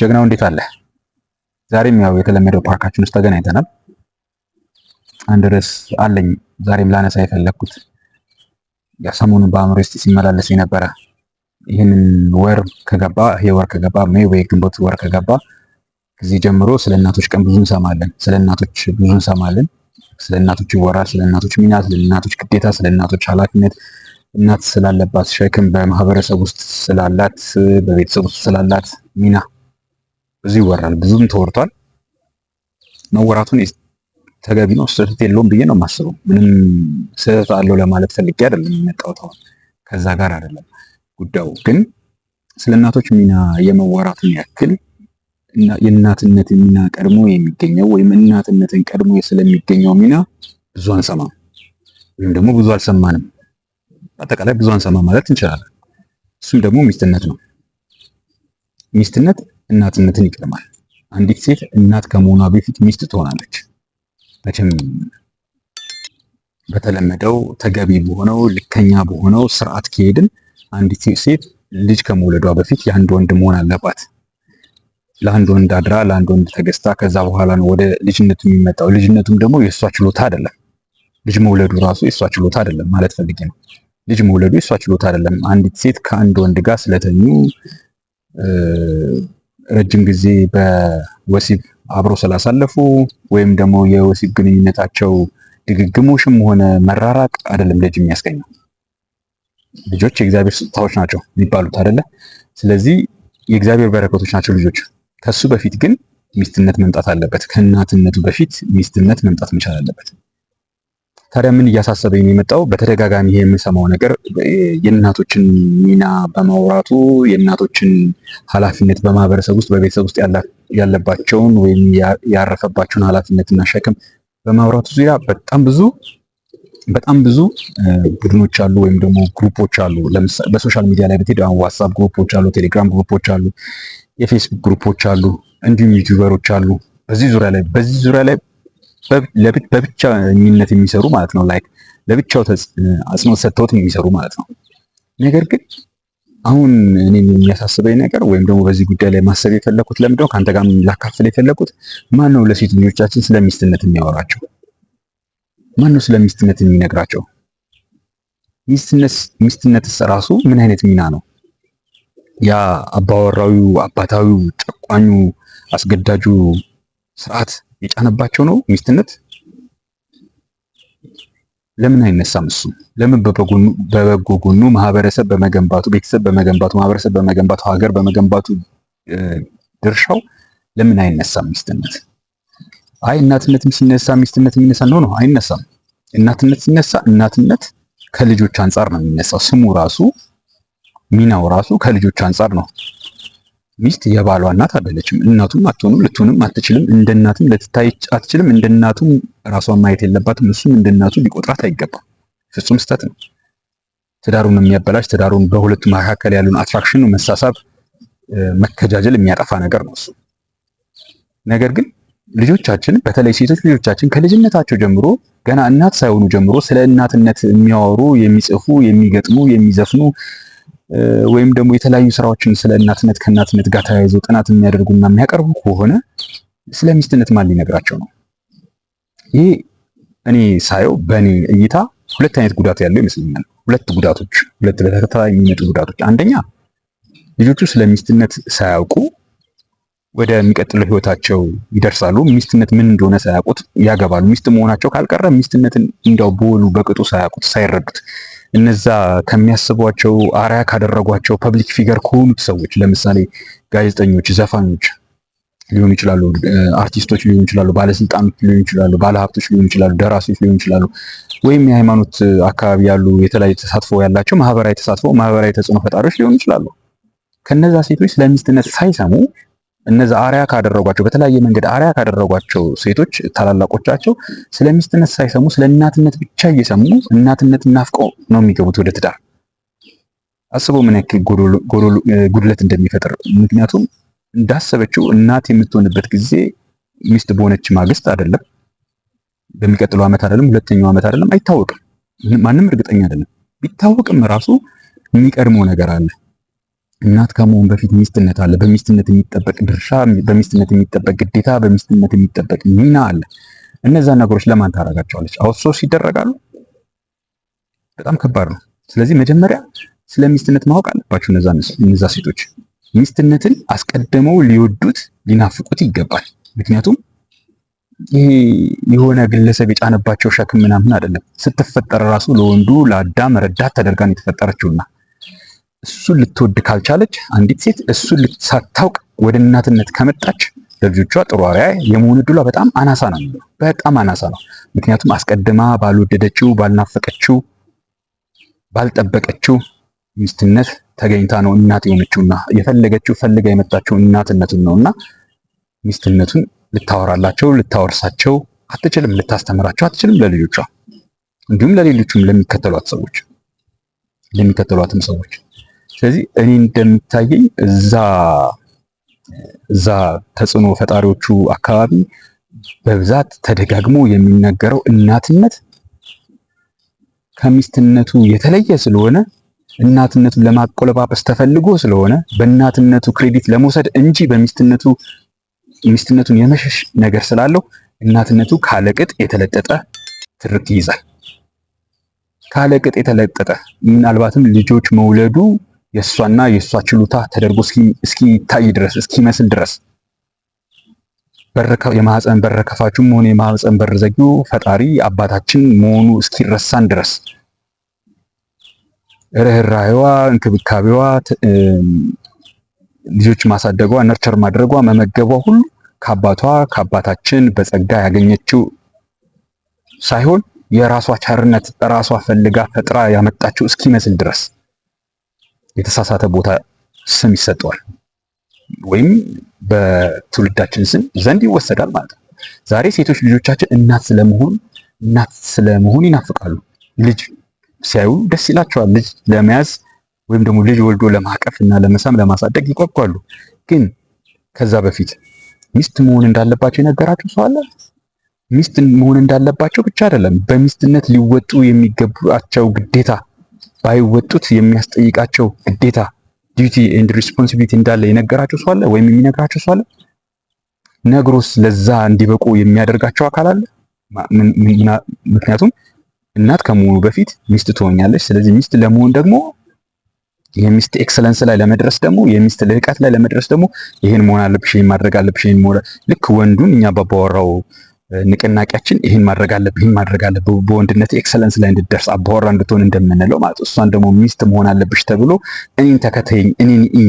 ጀግናው እንዴት አለ? ዛሬም ያው የተለመደው ፓርካችን ውስጥ ተገናኝተናል። አንድ ርዕስ አለኝ ዛሬም ላነሳ የፈለግኩት ሰሞኑን በአእምሮ ውስጥ ሲመላለስ የነበረ ይህንን ወር ከገባ ይሄ ወር ከገባ ሜይ ወይ ግንቦት ወር ከገባ ከዚህ ጀምሮ ስለ እናቶች ቀን ብዙ እንሰማለን። ስለ እናቶች ብዙ እንሰማለን። ስለ እናቶች ይወራል። ስለ እናቶች ሚና፣ ስለ እናቶች ግዴታ፣ ስለ እናቶች ኃላፊነት እናት ስላለባት ሸክም በማህበረሰብ ውስጥ ስላላት በቤተሰብ ውስጥ ስላላት ሚና ብዙ ይወራል፣ ብዙም ተወርቷል። መወራቱን ተገቢ ነው፣ ስህተት የለውም ብዬ ነው የማስበው። ምንም ስህተት አለው ለማለት ፈልጌ አይደለም የመጣሁት፣ ከዛ ጋር አይደለም ጉዳዩ። ግን ስለ እናቶች ሚና የመወራቱን ያክል የእናትነትን ሚና ቀድሞ የሚገኘው ወይም እናትነትን ቀድሞ ስለሚገኘው ሚና ብዙ አንሰማም፣ ወይም ደግሞ ብዙ አልሰማንም። በአጠቃላይ ብዙ አንሰማ ማለት እንችላለን። እሱም ደግሞ ሚስትነት ነው። ሚስትነት እናትነትን ይቀድማል። አንዲት ሴት እናት ከመሆኗ በፊት ሚስት ትሆናለች። መቼም በተለመደው ተገቢ በሆነው ልከኛ በሆነው ስርዓት ከሄድን አንዲት ሴት ልጅ ከመውለዷ በፊት የአንድ ወንድ መሆን አለባት። ለአንድ ወንድ አድራ ለአንድ ወንድ ተገዝታ ከዛ በኋላ ነው ወደ ልጅነቱ የሚመጣው። ልጅነቱም ደግሞ የእሷ ችሎታ አይደለም። ልጅ መውለዱ ራሱ የእሷ ችሎታ አይደለም ማለት ፈልጌ ነው። ልጅ መውለዱ የእሷ ችሎታ አይደለም። አንዲት ሴት ከአንድ ወንድ ጋር ስለተኙ ረጅም ጊዜ በወሲብ አብሮ ስላሳለፉ ወይም ደግሞ የወሲብ ግንኙነታቸው ድግግሞሽም ሆነ መራራቅ አይደለም ልጅ የሚያስገኘው። ልጆች የእግዚአብሔር ስጦታዎች ናቸው የሚባሉት አይደለ? ስለዚህ የእግዚአብሔር በረከቶች ናቸው ልጆች። ከሱ በፊት ግን ሚስትነት መምጣት አለበት። ከእናትነቱ በፊት ሚስትነት መምጣት መቻል አለበት። ታዲያ ምን እያሳሰበኝ የመጣው በተደጋጋሚ ይሄ የምንሰማው ነገር የእናቶችን ሚና በማውራቱ የእናቶችን ኃላፊነት በማህበረሰብ ውስጥ በቤተሰብ ውስጥ ያለባቸውን ወይም ያረፈባቸውን ኃላፊነትና ሸክም በማውራቱ ዙሪያ በጣም ብዙ በጣም ብዙ ቡድኖች አሉ ወይም ደግሞ ግሩፖች አሉ። በሶሻል ሚዲያ ላይ ብትሄድ ዋትሳፕ ግሩፖች አሉ፣ ቴሌግራም ግሩፖች አሉ፣ የፌስቡክ ግሩፖች አሉ፣ እንዲሁም ዩቲዩበሮች አሉ። በዚህ ዙሪያ ላይ በዚህ ዙሪያ ላይ በብቻ የሚሰሩ ማለት ነው። ላይክ ለብቻው አጽንኦት ሰጥተውት የሚሰሩ ማለት ነው። ነገር ግን አሁን እኔ የሚያሳስበኝ ነገር ወይም ደግሞ በዚህ ጉዳይ ላይ ማሰብ የፈለኩት ለምደ ከአንተ ጋር ላካፍል የፈለኩት ማን ነው ለሴት ልጆቻችን ስለሚስትነት የሚያወራቸው? ማን ነው ስለሚስትነት የሚነግራቸው? ሚስትነትስ ራሱ ምን አይነት ሚና ነው? ያ አባወራዊው፣ አባታዊው፣ ጨቋኙ፣ አስገዳጁ ስርዓት የጫነባቸው ነው ሚስትነት? ለምን አይነሳም? እሱ ለምን በበጎ ጎኑ ማህበረሰብ በመገንባቱ ቤተሰብ በመገንባቱ ማህበረሰብ በመገንባቱ ሀገር በመገንባቱ ድርሻው ለምን አይነሳም? ሚስትነት አይ እናትነት ሲነሳ ሚስትነት የሚነሳ ነው ነው? አይነሳም። እናትነት ሲነሳ እናትነት ከልጆች አንጻር ነው የሚነሳው። ስሙ ራሱ ሚናው ራሱ ከልጆች አንጻር ነው። ሚስት የባሏ እናት አይደለችም። እናቱም አትሆንም፣ ልትሆንም አትችልም። እንደ እናትም ልትታይ አትችልም። እንደ እናቱም ራሷን ማየት የለባትም። እሱም እንደ እናቱ ሊቆጥራት አይገባም። ፍጹም ስህተት ነው። ትዳሩን የሚያበላሽ ትዳሩን በሁለቱ መካከል ያሉን አትራክሽን መሳሳብ፣ መከጃጀል የሚያጠፋ ነገር ነው እሱ። ነገር ግን ልጆቻችን በተለይ ሴቶች ልጆቻችን ከልጅነታቸው ጀምሮ ገና እናት ሳይሆኑ ጀምሮ ስለ እናትነት የሚያወሩ የሚጽፉ፣ የሚገጥሙ፣ የሚዘፍኑ ወይም ደግሞ የተለያዩ ስራዎችን ስለ እናትነት ከእናትነት ጋር ተያይዞ ጥናት የሚያደርጉና የሚያቀርቡ ከሆነ ስለ ሚስትነት ማን ሊነግራቸው ነው? ይህ እኔ ሳየው በእኔ እይታ ሁለት አይነት ጉዳት ያለው ይመስለኛል። ሁለት ጉዳቶች፣ ሁለት በተከታታይ የሚመጡ ጉዳቶች። አንደኛ ልጆቹ ስለ ሚስትነት ሳያውቁ ወደ የሚቀጥለው ህይወታቸው ይደርሳሉ። ሚስትነት ምን እንደሆነ ሳያውቁት ያገባሉ። ሚስት መሆናቸው ካልቀረ ሚስትነትን እንዲያው በወሉ በቅጡ ሳያውቁት ሳይረዱት እነዛ ከሚያስቧቸው አርያ ካደረጓቸው ፐብሊክ ፊገር ከሆኑት ሰዎች ለምሳሌ ጋዜጠኞች፣ ዘፋኞች ሊሆኑ ይችላሉ፣ አርቲስቶች ሊሆኑ ይችላሉ፣ ባለስልጣኖች ሊሆኑ ይችላሉ፣ ባለሀብቶች ሊሆኑ ይችላሉ፣ ደራሲዎች ሊሆኑ ይችላሉ፣ ወይም የሃይማኖት አካባቢ ያሉ የተለያዩ ተሳትፎ ያላቸው ማህበራዊ ተሳትፎ ማህበራዊ ተጽዕኖ ፈጣሪዎች ሊሆኑ ይችላሉ። ከነዛ ሴቶች ስለ ሚስትነት ሳይሰሙ እነዛ አሪያ ካደረጓቸው በተለያየ መንገድ አሪያ ካደረጓቸው ሴቶች ታላላቆቻቸው ስለ ሚስትነት ሳይሰሙ ስለ እናትነት ብቻ እየሰሙ እናትነት ናፍቀው ነው የሚገቡት ወደ ትዳር። አስበው ምን ያክል ጉድለት እንደሚፈጥር። ምክንያቱም እንዳሰበችው እናት የምትሆንበት ጊዜ ሚስት በሆነች ማግስት አይደለም፣ በሚቀጥለው ዓመት አይደለም፣ ሁለተኛው ዓመት አይደለም፣ አይታወቅም። ማንም እርግጠኛ አይደለም። ቢታወቅም ራሱ የሚቀድመው ነገር አለ። እናት ከመሆን በፊት ሚስትነት አለ። በሚስትነት የሚጠበቅ ድርሻ፣ በሚስትነት የሚጠበቅ ግዴታ፣ በሚስትነት የሚጠበቅ ሚና አለ። እነዛን ነገሮች ለማን ታደርጋቸዋለች? አውትሶርስ ይደረጋሉ። በጣም ከባድ ነው። ስለዚህ መጀመሪያ ስለ ሚስትነት ማወቅ አለባቸው እነዛ ሴቶች። ሚስትነትን አስቀድመው ሊወዱት ሊናፍቁት ይገባል። ምክንያቱም ይሄ የሆነ ግለሰብ የጫነባቸው ሸክም ምናምን አይደለም። ስትፈጠር ራሱ ለወንዱ ለአዳም ረዳት ተደርጋን የተፈጠረችውና እሱን ልትወድ ካልቻለች፣ አንዲት ሴት እሱን ሳታውቅ ወደ እናትነት ከመጣች ለልጆቿ ጥሩ አርአያ የመሆን ዕድሏ በጣም አናሳ ነው። በጣም አናሳ ነው። ምክንያቱም አስቀድማ ባልወደደችው፣ ባልናፈቀችው፣ ባልጠበቀችው ሚስትነት ተገኝታ ነው እናት የሆነችውና የፈለገችው ፈልጋ የመጣችው እናትነቱን ነውና ሚስትነቱን ልታወራላቸው ልታወርሳቸው አትችልም፣ ልታስተምራቸው አትችልም ለልጆቿ እንዲሁም ለሌሎቹም ለሚከተሏት ሰዎች ለሚከተሏትም ሰዎች ስለዚህ እኔ እንደሚታየኝ እዛ እዛ ተጽዕኖ ፈጣሪዎቹ አካባቢ በብዛት ተደጋግሞ የሚነገረው እናትነት ከሚስትነቱ የተለየ ስለሆነ እናትነቱን ለማቆለባበስ ተፈልጎ ስለሆነ በእናትነቱ ክሬዲት ለመውሰድ እንጂ በሚስትነቱ ሚስትነቱን የመሸሽ ነገር ስላለው እናትነቱ ካለቅጥ የተለጠጠ ትርክ ይይዛል። ካለቅጥ የተለጠጠ ምናልባትም ልጆች መውለዱ የእሷና የእሷ ችሎታ ተደርጎ እስኪታይ ድረስ እስኪመስል ድረስ የማህፀን በር ከፋቹም ሆነ የማህፀን በር ፈጣሪ አባታችን መሆኑ እስኪረሳን ድረስ ርኅራኄዋ፣ እንክብካቤዋ፣ ልጆች ማሳደጓ፣ ነርቸር ማድረጓ፣ መመገቧ ሁሉ ከአባቷ ከአባታችን በጸጋ ያገኘችው ሳይሆን የራሷ ቸርነት ራሷ ፈልጋ ፈጥራ ያመጣችው እስኪመስል ድረስ የተሳሳተ ቦታ ስም ይሰጠዋል ወይም በትውልዳችን ስም ዘንድ ይወሰዳል ማለት ነው። ዛሬ ሴቶች ልጆቻችን እናት ስለመሆን እናት ስለመሆን ይናፍቃሉ። ልጅ ሲያዩ ደስ ይላቸዋል። ልጅ ለመያዝ ወይም ደግሞ ልጅ ወልዶ ለማቀፍ እና ለመሳም ለማሳደግ ይጓጓሉ። ግን ከዛ በፊት ሚስት መሆን እንዳለባቸው የነገራቸው ሰው አለ? ሚስት መሆን እንዳለባቸው ብቻ አይደለም፣ በሚስትነት ሊወጡ የሚገባቸው ግዴታ ባይወጡት የሚያስጠይቃቸው ግዴታ ዲዩቲ ኤንድ ሪስፖንሲቢሊቲ እንዳለ የነገራቸው ሰው አለ ወይም የሚነግራቸው ሰው አለ? ነግሮስ ለዛ እንዲበቁ የሚያደርጋቸው አካል አለ? ምክንያቱም እናት ከመሆኑ በፊት ሚስት ትሆኛለች። ስለዚህ ሚስት ለመሆን ደግሞ የሚስት ኤክሰለንስ ላይ ለመድረስ ደግሞ የሚስት ልህቀት ላይ ለመድረስ ደግሞ ይሄን መሆን አለብሽ፣ ይሄን ማድረግ አለብሽ፣ ይሄን መሆን ልክ ወንዱን እኛ በባወራው ንቅናቄያችን ይህን ማድረግ አለብህ ይህን ማድረግ አለብህ በወንድነት ኤክሰለንስ ላይ እንድደርስ አባወራ እንድትሆን እንደምንለው ማለት እሷን ደግሞ ሚስት መሆን አለብሽ ተብሎ እኔን ተከተይኝ እኔን እኝ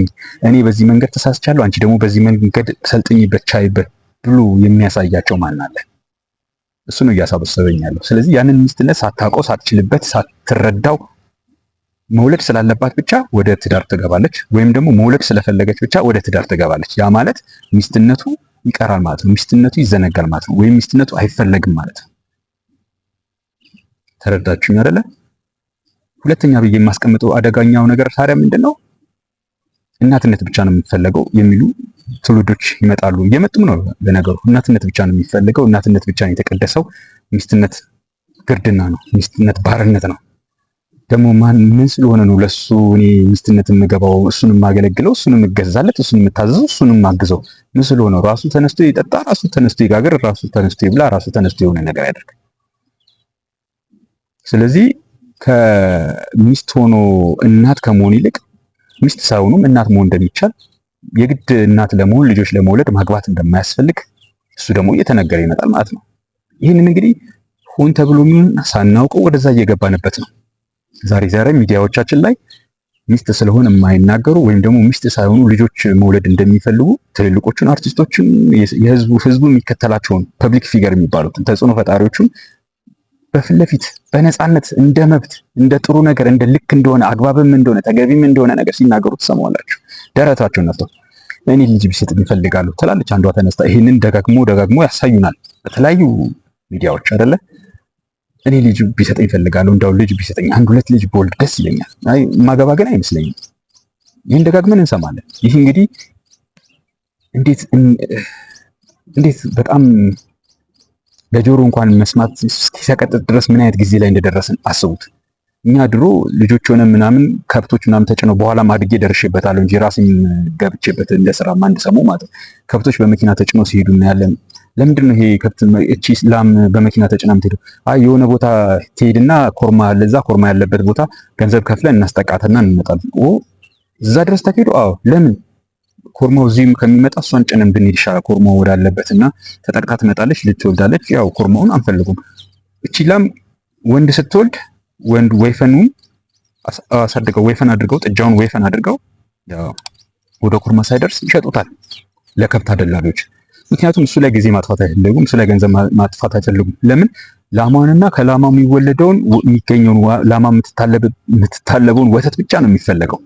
እኔ በዚህ መንገድ ተሳስቻለሁ አንቺ ደግሞ በዚህ መንገድ ሰልጥኝበት ቻይበት ብሎ የሚያሳያቸው ማን አለ እሱ ነው እያሳበሰበኝ ያለው ስለዚህ ያንን ሚስትነት ሳታውቀው ሳትችልበት ሳትረዳው መውለድ ስላለባት ብቻ ወደ ትዳር ትገባለች ወይም ደግሞ መውለድ ስለፈለገች ብቻ ወደ ትዳር ትገባለች ያ ማለት ሚስትነቱ ይቀራል ማለት ነው። ሚስትነቱ ይዘነጋል ማለት ነው። ወይም ሚስትነቱ አይፈለግም ማለት ነው። ተረዳችሁኝ አይደለ? ሁለተኛ ብዬ የማስቀምጠው አደጋኛው ነገር ታዲያ ምንድን ነው? እናትነት ብቻ ነው የምትፈለገው የሚሉ ትውልዶች ይመጣሉ። እየመጡም ነው በነገሩ። እናትነት ብቻ ነው የሚፈልገው፣ እናትነት ብቻ ነው የተቀደሰው። ሚስትነት ግርድና ነው። ሚስትነት ባርነት ነው። ደግሞ ማን ምን ስለሆነ ነው ለሱ እኔ ሚስትነት የምገባው? እሱን የማገለግለው፣ እሱን የምገዛለት፣ እሱን የምታዘዘው፣ እሱን የማግዘው ምን ስለሆነ ራሱ ተነስቶ ይጠጣ፣ ራሱ ተነስቶ ይጋገር፣ ራሱ ተነስቶ ይብላ፣ ራሱ ተነስቶ የሆነ ነገር ያደርግ። ስለዚህ ከሚስት ሆኖ እናት ከመሆን ይልቅ ሚስት ሳይሆኑም እናት መሆን እንደሚቻል የግድ እናት ለመሆን ልጆች ለመውለድ ማግባት እንደማያስፈልግ እሱ ደግሞ እየተነገረ ይመጣል ማለት ነው። ይህንን እንግዲህ ሆን ተብሎ ሳናውቀው ወደዛ እየገባንበት ነው። ዛሬ ዛሬ ሚዲያዎቻችን ላይ ሚስት ስለሆነ የማይናገሩ ወይም ደግሞ ሚስት ሳይሆኑ ልጆች መውለድ እንደሚፈልጉ ትልልቆቹን አርቲስቶችን የህዝቡ ህዝቡ የሚከተላቸውን ፐብሊክ ፊገር የሚባሉትን ተጽዕኖ ፈጣሪዎቹን በፊት ለፊት በነፃነት እንደ መብት እንደ ጥሩ ነገር እንደ ልክ እንደሆነ አግባብም እንደሆነ ተገቢም እንደሆነ ነገር ሲናገሩ ትሰማላችሁ። ደረታቸውን ነፍተው እኔ ልጅ ቢሰጥ ይፈልጋሉ ትላለች አንዷ ተነስታ። ይህንን ደጋግሞ ደጋግሞ ያሳዩናል በተለያዩ ሚዲያዎች አይደለም። እኔ ልጅ ቢሰጠኝ እፈልጋለሁ። እንዳው ልጅ ቢሰጠኝ አንድ ሁለት ልጅ በወልድ ደስ ይለኛል። አይ ማገባ ግን አይመስለኝም። ይህን ደጋግመን እንሰማለን። ይህ እንግዲህ እንዴት እንዴት በጣም ለጆሮ እንኳን መስማት እስኪሰቀጥጥ ድረስ ምን አይነት ጊዜ ላይ እንደደረስን አስቡት። እኛ ድሮ ልጆች ሆነ ምናምን ከብቶች ምናምን ተጭነው በኋላም አድጌ ደርሼበታለሁ እንጂ ራሴም ገብቼበት እንደ ስራ አንድ ሰሞን ማለት ከብቶች በመኪና ተጭኖ ሲሄዱ እናያለን። ለምንድን ነው ይሄ ከብት እቺ ላም በመኪና ተጭና የምትሄደው? አይ የሆነ ቦታ ትሄድና ኮርማ አለ፣ እዛ ኮርማ ያለበት ቦታ ገንዘብ ከፍለን እናስጠቃተና እንመጣለን። ኦ እዛ ድረስ ተካሄዱ? አዎ ለምን ኮርማው እዚህም ከሚመጣ እሷን ጭነን ብንሄድ ይሻላል። ኮርማው ወዳለበት እና ተጠቅታ ትመጣለች፣ ልትወልዳለች። ያው ኮርማውን አንፈልጉም። እቺ ላም ወንድ ስትወልድ ወንድ ወይፈኑን አሳድገው ወይፈን አድርገው ጥጃውን ወይፈን አድርገው ወደ ኮርማ ሳይደርስ ይሸጡታል ለከብት አደላሎች። ምክንያቱም እሱ ላይ ጊዜ ማጥፋት አይፈልጉም፣ እሱ ላይ ገንዘብ ማጥፋት አይፈልጉም። ለምን ላማንና ከላማ የሚወለደውን የሚገኘውን ላማ የምትታለበውን ወተት ብቻ ነው የሚፈለገው።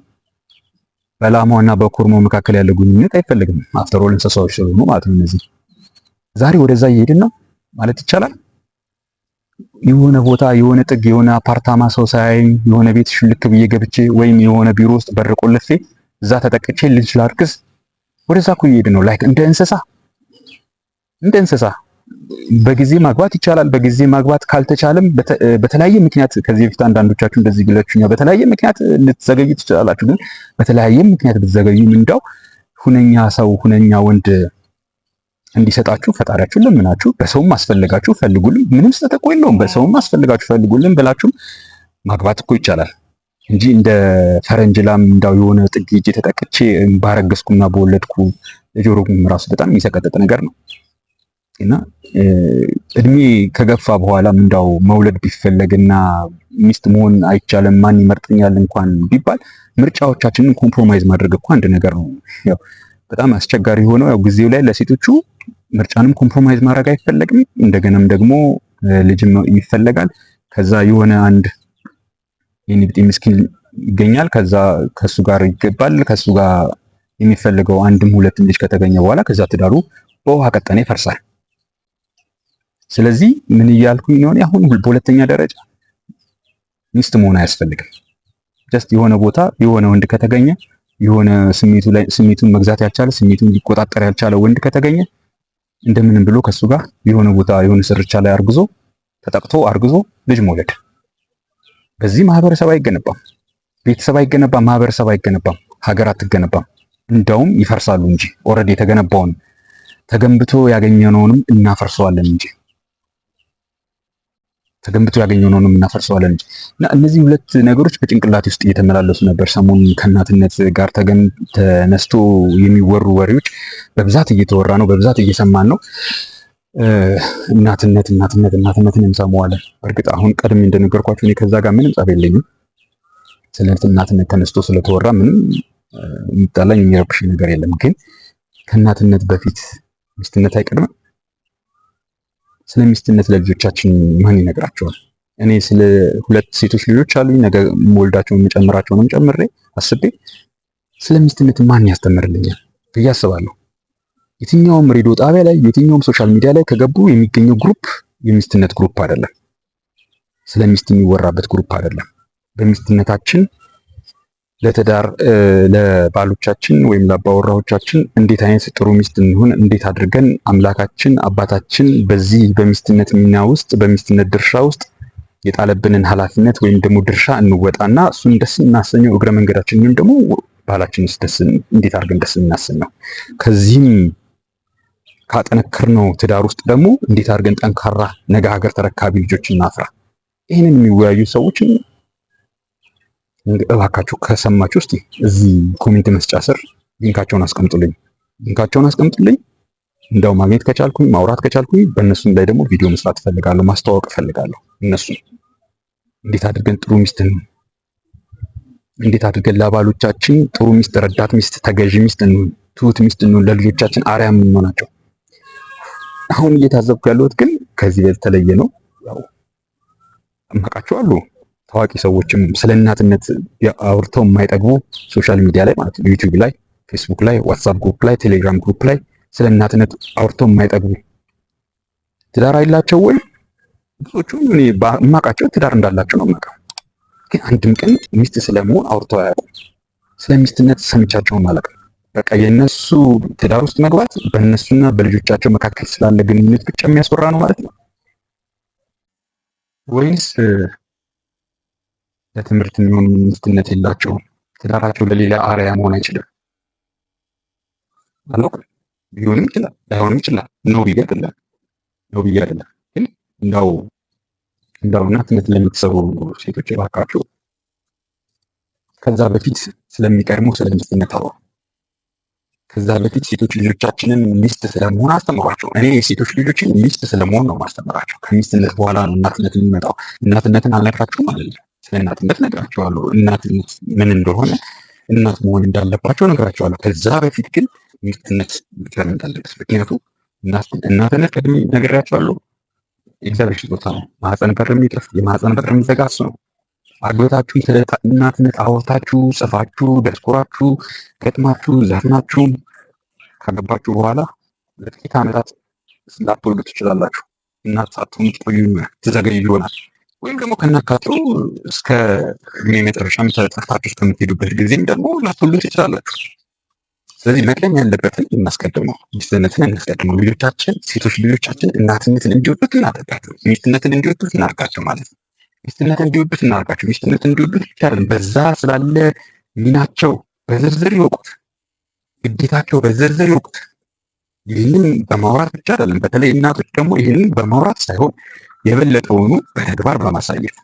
በላማና በኮርማው መካከል ያለ ግንኙነት አይፈልግም። አፍተሮል እንስሳዎች ስለሆኑ ማለት ነው። እነዚህ ዛሬ ወደዛ እየሄድን ነው ማለት ይቻላል። የሆነ ቦታ የሆነ ጥግ የሆነ አፓርታማ ሰው ሳያይም የሆነ ቤት ሽልክ ብዬ ገብቼ ወይም የሆነ ቢሮ ውስጥ በር ቆልፌ እዛ ተጠቅቼ ልንችል ወደዛ እኮ እየሄድን ነው ላይክ እንደ እንስሳ እንደ እንስሳ በጊዜ ማግባት ይቻላል። በጊዜ ማግባት ካልተቻለም በተለያየ ምክንያት ከዚህ በፊት አንዳንዶቻችሁ እንደዚህ ግለችኛል። በተለያየ ምክንያት ልትዘገዩ ትችላላችሁ። ግን በተለያየ ምክንያት ብትዘገዩም እንዳው ሁነኛ ሰው ሁነኛ ወንድ እንዲሰጣችሁ ፈጣሪያችሁን ለምናችሁ በሰውም አስፈልጋችሁ ፈልጉልን። ምንም ስጠቆ የለውም። በሰውም አስፈልጋችሁ ፈልጉልን ብላችሁም ማግባት እኮ ይቻላል እንጂ እንደ ፈረንጅ ላም እንዳው የሆነ ጥግ ሄጄ ተጠቅቼ ባረገዝኩና በወለድኩ ለጆሮም ራሱ በጣም የሚሰቀጥጥ ነገር ነው። እና እድሜ ከገፋ በኋላም እንዳው መውለድ ቢፈለግና ሚስት መሆን አይቻልም ማን ይመርጠኛል እንኳን ቢባል ምርጫዎቻችንን ኮምፕሮማይዝ ማድረግ እኮ አንድ ነገር ነው። ያው በጣም አስቸጋሪ የሆነው ያው ጊዜው ላይ ለሴቶቹ ምርጫንም ኮምፕሮማይዝ ማድረግ አይፈለግም። እንደገናም ደግሞ ልጅም ይፈለጋል። ከዛ የሆነ አንድ የኒብጤ ምስኪን ይገኛል። ከዛ ከሱ ጋር ይገባል። ከሱ ጋር የሚፈልገው አንድም ሁለትም ልጅ ከተገኘ በኋላ ከዛ ትዳሩ በውሃ ቀጠነ ይፈርሳል። ስለዚህ ምን እያልኩኝ ነው? አሁን በሁለተኛ ደረጃ ሚስት መሆን አያስፈልግም። ጀስት የሆነ ቦታ የሆነ ወንድ ከተገኘ የሆነ ስሜቱ ላይ ስሜቱን መግዛት ያልቻለ ስሜቱን ሊቆጣጠር ያልቻለ ወንድ ከተገኘ እንደምንም ብሎ ከሱ ጋር የሆነ ቦታ የሆነ ስርቻ ላይ አርግዞ ተጠቅቶ አርግዞ ልጅ መውለድ በዚህ ማህበረሰብ አይገነባም፣ ቤተሰብ አይገነባም፣ ማህበረሰብ አይገነባም፣ ሀገር አትገነባም። እንደውም ይፈርሳሉ እንጂ ኦልሬዲ የተገነባውን ተገንብቶ ያገኘነውንም እናፈርሰዋለን እንጂ ተገንብቶ ያገኘነውን እናፈርሰዋለን እንጂ እና እነዚህ ሁለት ነገሮች በጭንቅላቴ ውስጥ እየተመላለሱ ነበር። ሰሞኑን ከእናትነት ጋር ተነስቶ የሚወሩ ወሬዎች በብዛት እየተወራ ነው፣ በብዛት እየሰማን ነው። እናትነት እናትነት እናትነትን እንሰማዋለን። በእርግጥ አሁን ቀድሜ እንደነገርኳቸው እኔ ከዛ ጋር ምንም ጸብ የለኝም። ስለ እናትነት ተነስቶ ስለተወራ ምንም የሚጣላኝ የሚረብሽ ነገር የለም። ግን ከእናትነት በፊት ሚስትነት አይቀድምም። ስለ ሚስትነት ለልጆቻችን ማን ይነግራቸዋል? እኔ ስለ ሁለት ሴቶች ልጆች አሉኝ። ነገ የምወልዳቸውን የምጨምራቸውንም ጨምሬ አስቤ ስለ ሚስትነት ማን ያስተምርልኛል ብዬ አስባለሁ። የትኛውም ሬዲዮ ጣቢያ ላይ የትኛውም ሶሻል ሚዲያ ላይ ከገቡ የሚገኘው ግሩፕ የሚስትነት ግሩፕ አይደለም። ስለ ሚስት የሚወራበት ግሩፕ አይደለም። በሚስትነታችን ለትዳር ለባሎቻችን ወይም ለአባወራዎቻችን እንዴት አይነት ጥሩ ሚስት እንሁን፣ እንዴት አድርገን አምላካችን አባታችን በዚህ በሚስትነት ሚና ውስጥ በሚስትነት ድርሻ ውስጥ የጣለብንን ኃላፊነት ወይም ደግሞ ድርሻ እንወጣና እሱን ደስ እናሰኘው፣ እግረ መንገዳችን ወይም ደግሞ ባላችንስ ደስ እንዴት አድርገን ደስ እናሰኘው። ከዚህም ካጠነከርነው ትዳር ውስጥ ደግሞ እንዴት አድርገን ጠንካራ ነገ ሀገር ተረካቢ ልጆች እናፍራ። ይህንን የሚወያዩ ሰዎችን እባካችሁ ከሰማችሁ ውስጥ እዚህ ኮሜንት መስጫ ስር ሊንካቸውን አስቀምጡልኝ፣ ሊንካቸውን አስቀምጡልኝ። እንደው ማግኘት ከቻልኩኝ ማውራት ከቻልኩኝ በእነሱ ላይ ደግሞ ቪዲዮ መስራት እፈልጋለሁ፣ ማስተዋወቅ እፈልጋለሁ። እነሱ እንዴት አድርገን ጥሩ ሚስት እንዴት አድርገን ለባሎቻችን ጥሩ ሚስት፣ ረዳት ሚስት፣ ተገዥ ሚስት እንሁን፣ ትሁት ሚስት እንሁን፣ ለልጆቻችን አርያ የምንሆናቸው። አሁን እየታዘብኩ ያለሁት ግን ከዚህ በተለየ ነው። ያው አማቃቸው አሉ ታዋቂ ሰዎችም ስለ እናትነት አውርተው የማይጠግቡ ሶሻል ሚዲያ ላይ ማለት ነው፣ ዩቲዩብ ላይ፣ ፌስቡክ ላይ፣ ዋትሳፕ ግሩፕ ላይ፣ ቴሌግራም ግሩፕ ላይ ስለ እናትነት አውርተው የማይጠግቡ ትዳር አይላቸው ወይ? ብዙዎቹ እኔ የማውቃቸው ትዳር እንዳላቸው ነው የማውቀው፣ ግን አንድም ቀን ሚስት ስለመሆን አውርተው አያውቁም። ስለ ሚስትነት ሰምቻቸውን ማለት ነው። በቃ የእነሱ ትዳር ውስጥ መግባት በእነሱና በልጆቻቸው መካከል ስላለ ግንኙነት ብቻ የሚያስወራ ነው ማለት ነው ወይስ ለትምህርት የሚሆን ሚስትነት የላቸውም። ትዳራቸው ለሌላ አርያ መሆን አይችልም። አላውቅም፣ ቢሆንም ይችላል፣ ላይሆንም ይችላል። ነው ብዬ አይደለም፣ ነው ብዬ አይደለም። ግን እንዳው እንዳው እናትነት ለምትሰሩ ሴቶች እባካችሁ ከዛ በፊት ስለሚቀድሙ ስለ ሚስትነት ከዛ በፊት ሴቶች ልጆቻችንን ሚስት ስለመሆን አስተምሯቸው። እኔ የሴቶች ልጆችን ሚስት ስለመሆን ነው ማስተምራቸው። ከሚስትነት በኋላ ነው እናትነት የሚመጣው። እናትነትን አልነካችሁም አለለም ለእናትነት እናትነት ነግራቸዋለሁ። እናትነት ምን እንደሆነ እናት መሆን እንዳለባቸው ነግራቸዋለሁ። ከዛ በፊት ግን ሚስትነት መቅደም እንዳለበት ምክንያቱ እናትነት ቅድም ነግራቸዋለሁ። የእግዚአብሔር ስጦታ ነው። ማህፀን በር የሚጥፍ የማህፀን በር የሚዘጋስ ነው። አግበታችሁ ስለ እናትነት አወርታችሁ ጽፋችሁ ደስኩራችሁ ገጥማችሁ ዘፍናችሁም ካገባችሁ በኋላ ለጥቂት ዓመታት ላትወልዱ ትችላላችሁ። እናት ሳትሆኑ ትቆዩ ትዘገዩ ይሆናል። ወይም ደግሞ ከናካቴው እስከ ህሜ መጨረሻ ጠፋችሁ እስከምትሄዱበት ጊዜም ደግሞ ላትወልዱት ትችላላችሁ። ስለዚህ መቅደም ያለበትን እናስቀድመው፣ ሚስትነትን እናስቀድመው። ልጆቻችን ሴቶች ልጆቻችን እናትነትን እንዲወዱት እናደርጋቸው፣ ሚስትነትን እንዲወዱት እናርጋቸው ማለት ነው። ሚስትነትን እንዲወዱት እናርጋቸው። ሚስትነትን እንዲወዱት ይቻለን። በዛ ስላለ ሚናቸው በዝርዝር ይወቁት፣ ግዴታቸው በዝርዝር ይወቁት። ይህንን በማውራት ብቻ አይደለም፣ በተለይ እናቶች ደግሞ ይህንን በማውራት ሳይሆን የበለጠውኑ በተግባር በማሳየት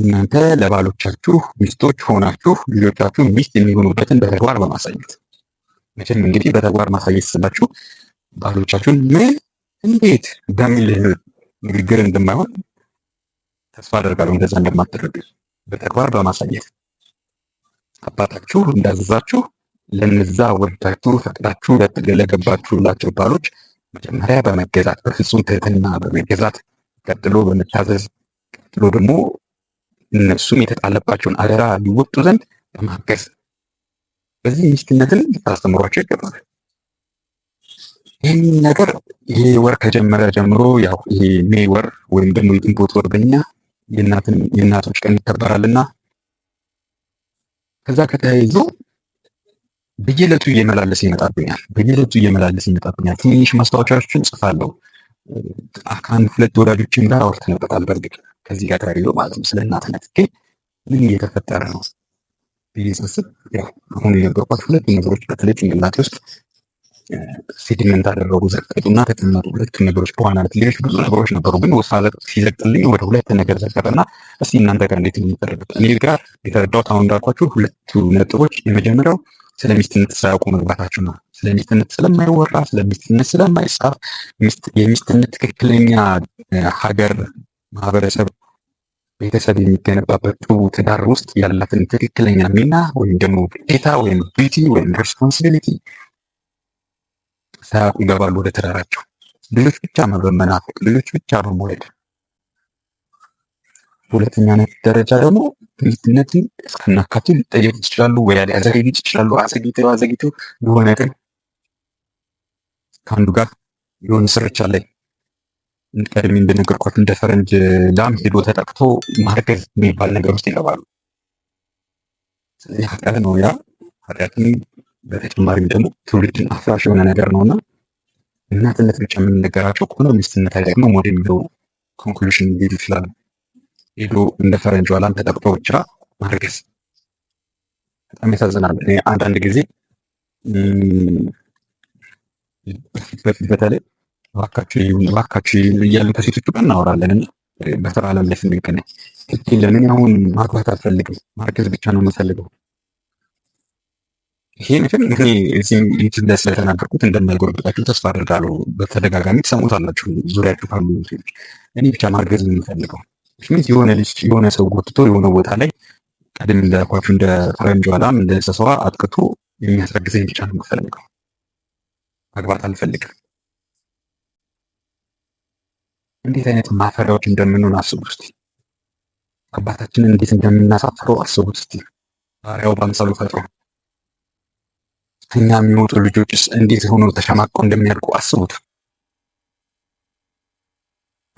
እናንተ ለባሎቻችሁ ሚስቶች ሆናችሁ ልጆቻችሁ ሚስት የሚሆኑበትን በተግባር በማሳየት መቼም እንግዲህ በተግባር ማሳየት ስላችሁ ባሎቻችሁን ምን፣ እንዴት በሚል ንግግር እንደማይሆን ተስፋ አደርጋለሁ። እንደዛ እንደማትደረግ በተግባር በማሳየት አባታችሁ እንዳዘዛችሁ ለነዛ ወዳችሁ ፈቅዳችሁ ለገባችሁላቸው ባሎች መጀመሪያ በመገዛት በፍጹም ትህትና በመገዛት ቀጥሎ በመታዘዝ ቀጥሎ ደግሞ እነሱም የተጣለባቸውን አደራ ሊወጡ ዘንድ በማገዝ በዚህ ሚስትነትን ልታስተምሯቸው ይገባል። ይህን ነገር ይሄ ወር ከጀመረ ጀምሮ ያው ይሄ ሜ ወር ወይም ደግሞ የግንቦት ወር በኛ የእናቶች ቀን ይከበራልና ከዛ ከተያይዞ በየዕለቱ እየመላለስ ይመጣብኛል። በየዕለቱ እየመላለስ ይመጣብኛል። ትንሽ ማስታወቻዎችን ጽፋለሁ። ከአንድ ሁለት ወዳጆችም ጋር አውርተንበታል። በእርግጥ ከዚህ ጋር ተያይዞ ማለት ነው ስለ እናትነት ግን ምን እየተፈጠረ ነው ብዬ ሳስብ አሁን የነገርኳት ሁለቱ ነገሮች በተለይ ጭንቅላቴ ውስጥ ሴዲመንት አደረጉ ዘቀጡና ተቀመጡ። ሁለቱ ነገሮች በዋናነት ሌሎች ብዙ ነገሮች ነበሩ፣ ግን ወሳ ሲዘቅጥልኝ ወደ ሁለት ነገር ዘቀጠና እስቲ እናንተ ጋር እንዴት የሚደረጉት እኔ ጋር የተረዳሁት አሁን እንዳልኳችሁ ሁለቱ ነጥቦች የመጀመሪያው ስለሚስትነት ሳያውቁ መግባታችሁ ነው። ስለ ሚስትነት ስለማይወራ ስለ ሚስትነት ስለማይጻፍ የሚስትነት ትክክለኛ ሀገር፣ ማህበረሰብ፣ ቤተሰብ የሚገነባበት ጥሩ ትዳር ውስጥ ያላትን ትክክለኛ ሚና ወይም ደግሞ ግዴታ ወይም ቢቲ ወይም ሬስፖንሲቢሊቲ ሳያውቁ ይገባሉ ወደ ትዳራቸው። ልጆች ብቻ በመናፈቅ ልጆች ብቻ በመውለድ ሁለተኛ ነት ደረጃ ደግሞ ሚስትነትን እስከናካቴ ሊጠየቁ ይችላሉ። ወይ አዘግይት ይችላሉ። አዘግይተው አዘግይተው የሆነ ቀን ከአንዱ ጋር የሆነ ስርቻ ላይ ቀድሜ እንደነገርኳት እንደ ፈረንጅ ላም ሄዶ ተጠቅቶ ማርገዝ የሚባል ነገር ውስጥ ይገባሉ። ስለዚህ ኃጢአት ነው። ያ ኃጢአትም በተጨማሪም ደግሞ ትውልድን አፍራሽ የሆነ ነገር ነው እና እናትነት ብቻ የምንነገራቸው ከሆነ ሚስትነት አይጠቅምም ወደ የሚለው ኮንክሉሽን ሊሄዱ ይችላሉ። ሄዶ እንደ ፈረንጅ ላም ተጠቅቶ ብቻ ማርገዝ በጣም ያሳዝናል። እኔ አንዳንድ ጊዜ በተለይ እባካችሁ እያለን ከሴቶቹ ጋር እናወራለን እና በስራ ላለ ስንገናኝ ህግ ለምን አሁን ማግባት አልፈልግም፣ ማርኬት ብቻ ነው የምፈልገው። ይሄ ነገር እኔ እዚህ ላይ ስለተናገርኩት እንደማይጎረብጣችሁ ተስፋ አድርጋለሁ። በተደጋጋሚ ትሰሙታላችሁ፣ ዙሪያችሁ ካሉ ሴቶች እኔ ብቻ ማርገዝ የምፈልገው የሆነ ልጅ የሆነ ሰው ጎትቶ የሆነ ቦታ ላይ ቀድም እንዳልኳችሁ እንደ ፈረንጅ ዋላም እንደ እንስሳዋ አጥቅቶ የሚያስረግዘኝ ብቻ ነው የምፈልገው። መግባት አልፈልግም። እንዴት አይነት ማፈሪያዎች እንደምንሆን አስቡ እስቲ። አባታችንን እንዴት እንደምናሳፍረው አስቡ እስቲ። ባሪያው በአምሳሉ ፈጥሮ ከኛ የሚወጡ ልጆችስ እንዴት ሆኖ ተሸማቀው እንደሚያድጉ አስቡት።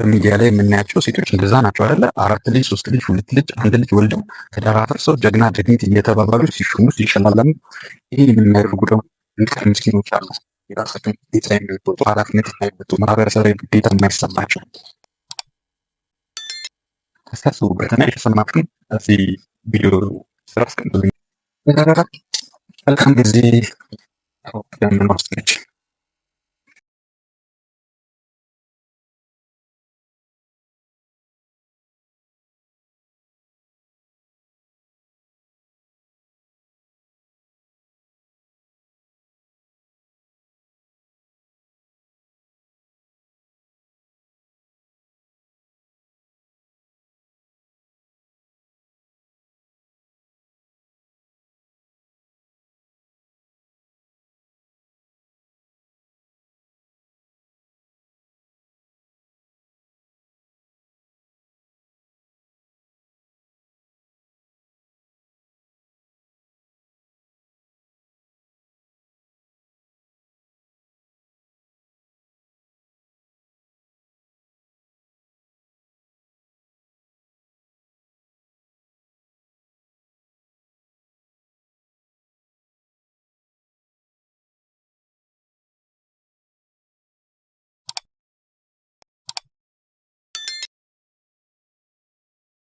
በሚዲያ ላይ የምናያቸው ሴቶች እንደዛ ናቸው አይደለ? አራት ልጅ፣ ሶስት ልጅ፣ ሁለት ልጅ፣ አንድ ልጅ ወልደው ትዳር አፍርሰው ጀግና ጀግኒት እየተባባሉ ሲሾሙ ሲሸላለሙ፣ ይህ የምናደርጉ ደግሞ ምስኪኖች አሉ። የራሳቸውን ግዴታ የሚወጡ ኃላፊነት የማይወጡ ማህበረሰባዊ ግዴታ የማይሰማቸው ተሳስቡበትና የተሰማችሁን እዚህ ቪዲዮ ስራ አስቀምጡልኝ። መልካም ጊዜ።